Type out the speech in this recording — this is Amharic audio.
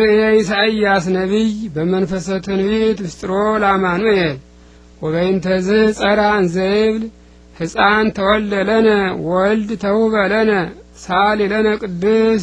ርእየ ኢሳይያስ ነቢይ በመንፈሰ ትንቢት ውስጥሮ ላማኑኤል ወበይንተዝ ጸራን ዘይብል ሕፃን ተወለለነ ወልድ ተውበለነ ሳሊለነ ለነ ቅዱስ